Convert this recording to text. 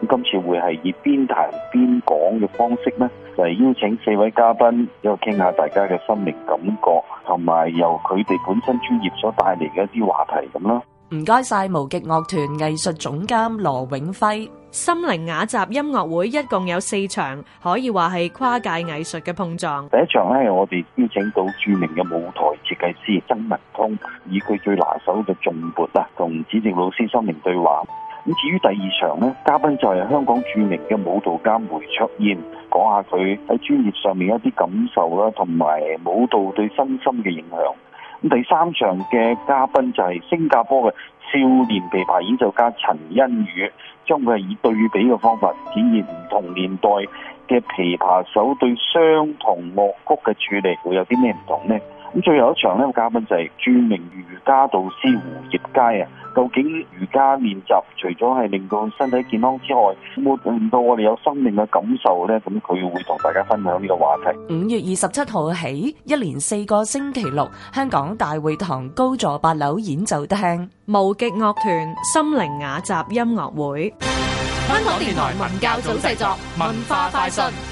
咁今次會係以邊談邊講嘅方式呢，嚟邀請四位嘉賓，一路傾下大家嘅心靈感覺，同埋由佢哋本身專業所帶嚟嘅一啲話題咁咯。唔該晒無極樂團藝術總監羅永輝，心靈雅集音樂會一共有四場，可以話係跨界藝術嘅碰撞。第一場呢，我哋邀請到著名嘅舞台設計師曾文通，以佢最拿手嘅重撥啦，同主持老師心靈對話。咁至於第二場咧，嘉賓就係香港著名嘅舞蹈家梅卓燕，講下佢喺專業上面一啲感受啦，同埋舞蹈對身心嘅影響。咁第三場嘅嘉賓就係新加坡嘅少年琵琶演奏家陳欣宇，將佢係以對比嘅方法，展現唔同年代嘅琵琶手對相同樂曲嘅處理會有啲咩唔同呢？咁最後一場呢，個嘉賓就係著名瑜伽導師胡葉佳啊。究竟瑜伽練習除咗係令到身體健康之外，會唔會令到我哋有生命嘅感受咧？咁佢會同大家分享呢個話題。五月二十七號起，一連四個星期六，香港大會堂高座八樓演奏廳，無極樂團心靈雅集音樂會。香港電台文教組製作，文化快訊。